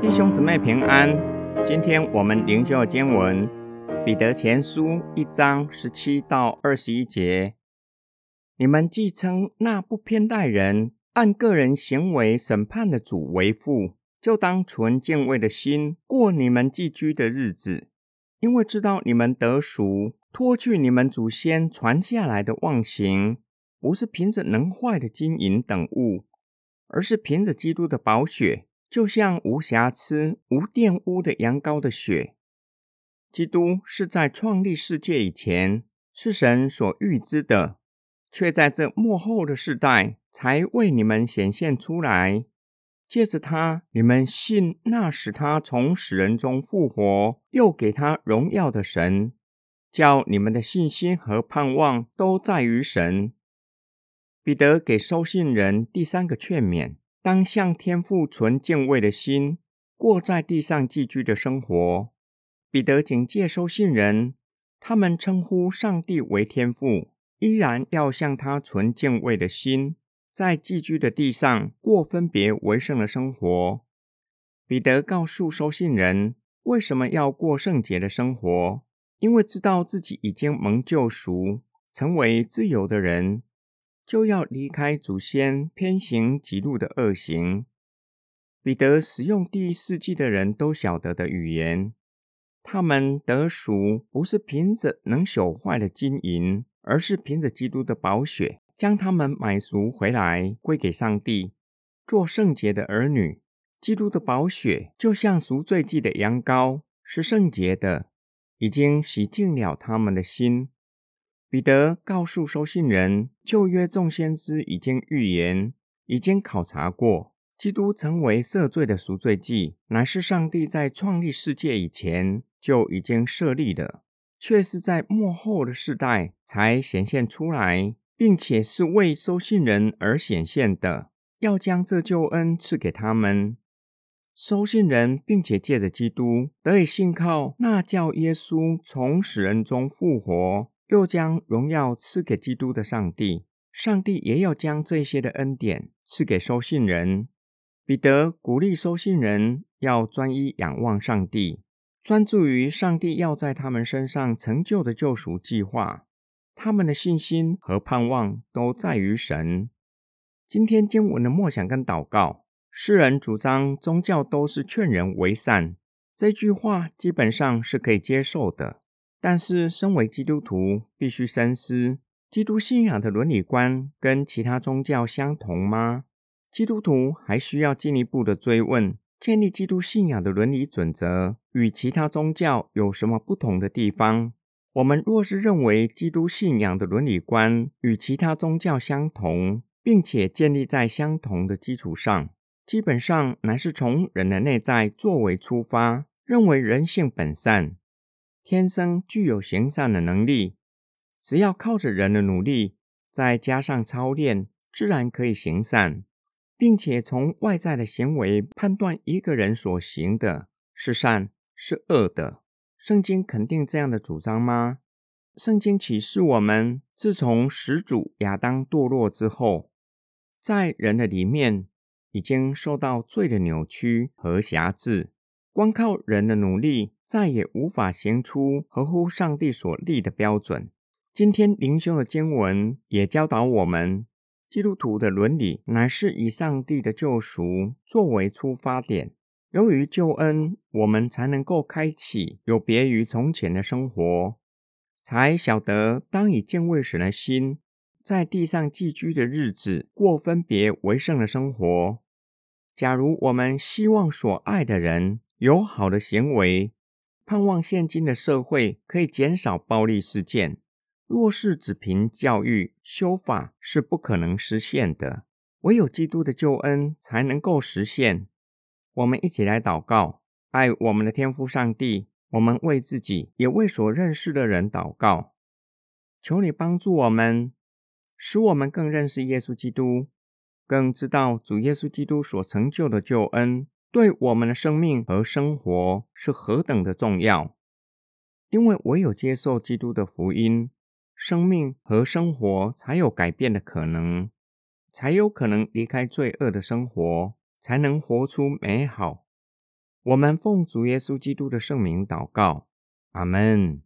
弟兄姊妹平安，今天我們靈修的經文，彼得前書一章十七到二十一節。你們既稱那不偏待人、按個人行為審判的主為父，就當存敬畏的心過你們寄居的日子，因為知道你們得贖，脫去你們祖先傳下來的妄行。不是憑着能壞的金銀等物，而是憑着基督的寶血，就像無瑕疵、無玷汙的羊羔的血。基督是在創立世界以前，是神所預知的，卻在這末後的世代才為你們顯現出來。借着他，你們信那使他從死人中復活、又給他榮耀的神，叫你們的信心和盼望都在於神。彼得給收信人第三個勸勉：當向天父存敬畏的心，過在地上寄居的生活。彼得警戒收信人，他們稱呼上帝為天父，依然要向他存敬畏的心，在寄居的地上過分別為聖的生活。彼得告訴收信人，為什麼要過聖潔的生活？因為知道自己已經蒙救贖，成為自由的人。就要離開祖先偏行己路的惡行，彼得使用第一世紀的人都曉得的語言。他們得贖不是憑着能朽壞的金銀，而是憑着基督的寶血，將他們買贖回來，歸給上帝做聖潔的兒女。基督的寶血就像贖罪祭的羊羔，是聖潔的，已經洗淨了他們的心。彼得告訴收信人：“舊約眾先知已經預言，已經考察過，基督成為赦罪的贖罪祭，乃是上帝在創立世界以前就已經設立的，卻是在末後的世代才顯現出來，並且是為收信人而顯現的，要將這救恩賜給他們。收信人並且借着基督得以信靠，那叫耶穌從死人中復活。”又將榮耀賜給基督的上帝，上帝也要將這些的恩典賜給收信人。彼得鼓勵收信人要專一仰望上帝，專注於上帝要在他們身上成就的救贖計劃。他們的信心和盼望都在於神。今天經文的默想跟禱告，世人主張宗教都是勸人為善，這句話基本上是可以接受的。但是，身為基督徒，必須深思：基督信仰的倫理觀跟其他宗教相同嗎？基督徒還需要進一步的追問：建立基督信仰的倫理準則與其他宗教有什麼不同的地方？我們若是認為基督信仰的倫理觀與其他宗教相同，並且建立在相同的基礎上，基本上乃是從人的內在作為出發，認為人性本善。天生具有行善的能力，只要靠着人的努力，再加上操練，自然可以行善，並且從外在的行為判斷一個人所行的是善是惡的。聖經肯定這樣的主張嗎？聖經啟示我們，自從始祖亞當墮落之後，在人的裡面已經受到罪的扭曲和挾制。光靠人的努力，再也無法行出合乎上帝所立的標準。今天靈修的經文也教導我們，基督徒的倫理乃是以上帝的救贖作為出發點。由於救恩，我們才能夠開啟有別於從前的生活，才曉得當以敬畏神的心，在地上寄居的日子，過分別為聖的生活。假如我們希望所愛的人，有好的行為，盼望現今的社會可以減少暴力事件。若是只憑教育、修法是不可能實現的，唯有基督的救恩才能夠實現。我們一起來禱告，愛我們的天父上帝。我們為自己也為所認識的人禱告，求你幫助我們，使我們更認識耶穌基督，更知道主耶穌基督所成就的救恩。對我們的生命和生活是何等的重要，因為唯有接受基督的福音，生命和生活才有改變的可能，才有可能離開罪惡的生活，才能活出美好。我們奉主耶穌基督的聖名禱告，阿門。